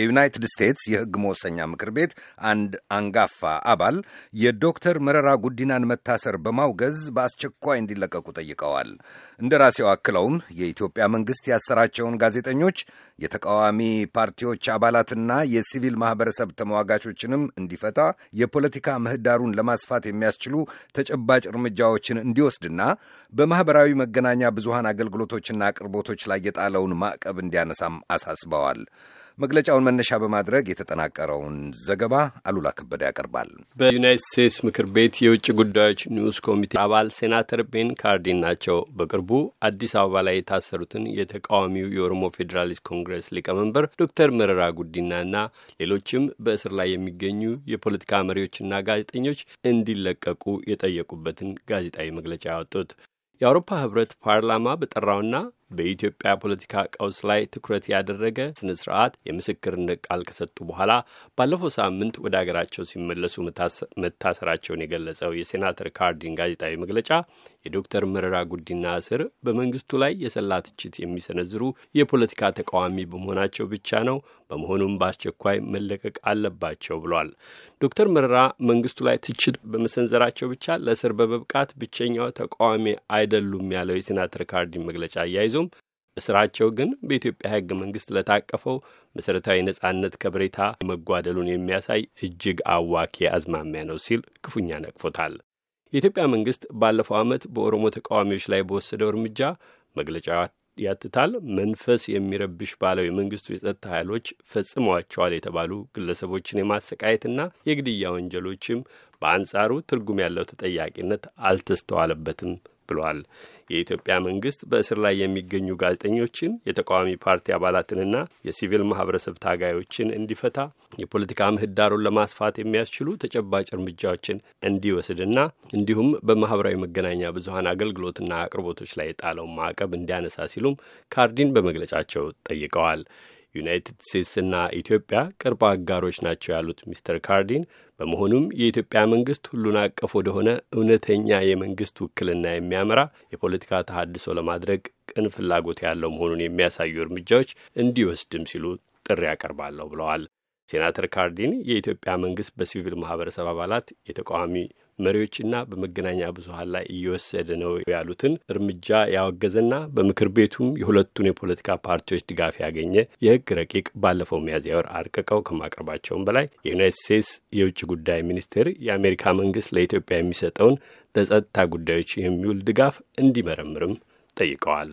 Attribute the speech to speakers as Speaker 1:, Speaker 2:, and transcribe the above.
Speaker 1: የዩናይትድ ስቴትስ የሕግ መወሰኛ ምክር ቤት አንድ አንጋፋ አባል የዶክተር መረራ ጉዲናን መታሰር በማውገዝ በአስቸኳይ እንዲለቀቁ ጠይቀዋል። ራሴው አክለውም የኢትዮጵያ መንግሥት ያሰራቸውን ጋዜጠኞች፣ የተቃዋሚ ፓርቲዎች አባላትና የሲቪል ማኅበረሰብ ተሟጋቾችንም እንዲፈታ የፖለቲካ ምህዳሩን ለማስፋት የሚያስችሉ ተጨባጭ እርምጃዎችን እንዲወስድና በማኅበራዊ መገናኛ ብዙሃን አገልግሎቶችና አቅርቦቶች ላይ የጣለውን ማዕቀብ እንዲያነሳም አሳስበዋል። መግለጫውን መነሻ በማድረግ የተጠናቀረውን ዘገባ አሉላ ከበደ ያቀርባል።
Speaker 2: በዩናይትድ ስቴትስ ምክር ቤት የውጭ ጉዳዮች ንዑስ ኮሚቴ አባል ሴናተር ቤን ካርዲን ናቸው። በቅርቡ አዲስ አበባ ላይ የታሰሩትን የተቃዋሚው የኦሮሞ ፌዴራሊስት ኮንግረስ ሊቀመንበር ዶክተር መረራ ጉዲናና ሌሎችም በእስር ላይ የሚገኙ የፖለቲካ መሪዎችና ጋዜጠኞች እንዲለቀቁ የጠየቁበትን ጋዜጣዊ መግለጫ ያወጡት የአውሮፓ ህብረት ፓርላማ በጠራውና በኢትዮጵያ ፖለቲካ ቀውስ ላይ ትኩረት ያደረገ ስነ ስርዓት የምስክርነት ቃል ከሰጡ በኋላ ባለፈው ሳምንት ወደ አገራቸው ሲመለሱ መታሰራቸውን የገለጸው የሴናተር ካርዲን ጋዜጣዊ መግለጫ የዶክተር መረራ ጉዲና እስር በመንግስቱ ላይ የሰላ ትችት የሚሰነዝሩ የፖለቲካ ተቃዋሚ በመሆናቸው ብቻ ነው። በመሆኑም በአስቸኳይ መለቀቅ አለባቸው ብሏል። ዶክተር መረራ መንግስቱ ላይ ትችት በመሰንዘራቸው ብቻ ለእስር በመብቃት ብቸኛው ተቃዋሚ አይደሉም ያለው የሴናተር ካርዲን መግለጫ አያይዞ እስራቸው ግን በኢትዮጵያ ህገ መንግስት ለታቀፈው መሠረታዊ ነጻነት ከብሬታ መጓደሉን የሚያሳይ እጅግ አዋኪ አዝማሚያ ነው ሲል ክፉኛ ነቅፎታል። የኢትዮጵያ መንግስት ባለፈው ዓመት በኦሮሞ ተቃዋሚዎች ላይ በወሰደው እርምጃ መግለጫ ያትታል። መንፈስ የሚረብሽ ባለው የመንግስቱ የጸጥታ ኃይሎች ፈጽመዋቸዋል የተባሉ ግለሰቦችን የማሰቃየትና የግድያ ወንጀሎችም በአንጻሩ ትርጉም ያለው ተጠያቂነት አልተስተዋለበትም ብሏል። የኢትዮጵያ መንግስት በእስር ላይ የሚገኙ ጋዜጠኞችን፣ የተቃዋሚ ፓርቲ አባላትንና የሲቪል ማህበረሰብ ታጋዮችን እንዲፈታ የፖለቲካ ምህዳሩን ለማስፋት የሚያስችሉ ተጨባጭ እርምጃዎችን እንዲወስድና እንዲሁም በማህበራዊ መገናኛ ብዙሀን አገልግሎትና አቅርቦቶች ላይ የጣለውን ማዕቀብ እንዲያነሳ ሲሉም ካርዲን በመግለጫቸው ጠይቀዋል። ዩናይትድ ስቴትስና ኢትዮጵያ ቅርብ አጋሮች ናቸው ያሉት ሚስተር ካርዲን በመሆኑም የኢትዮጵያ መንግስት ሁሉን አቀፍ ወደሆነ እውነተኛ የመንግስት ውክልና የሚያመራ የፖለቲካ ተሃድሶ ለማድረግ ቅን ፍላጎት ያለው መሆኑን የሚያሳዩ እርምጃዎች እንዲወስድም ሲሉ ጥሪ ያቀርባለሁ ብለዋል። ሴናተር ካርዲን የኢትዮጵያ መንግስት በሲቪል ማህበረሰብ አባላት የተቃዋሚ መሪዎችና በመገናኛ ብዙኃን ላይ እየወሰደ ነው ያሉትን እርምጃ ያወገዘና በምክር ቤቱም የሁለቱን የፖለቲካ ፓርቲዎች ድጋፍ ያገኘ የሕግ ረቂቅ ባለፈው ሚያዝያ ወር አርቅቀው ከማቅረባቸውም በላይ የዩናይትድ ስቴትስ የውጭ ጉዳይ ሚኒስቴር የአሜሪካ መንግስት ለኢትዮጵያ የሚሰጠውን ለጸጥታ ጉዳዮች የሚውል ድጋፍ እንዲመረምርም ጠይቀዋል።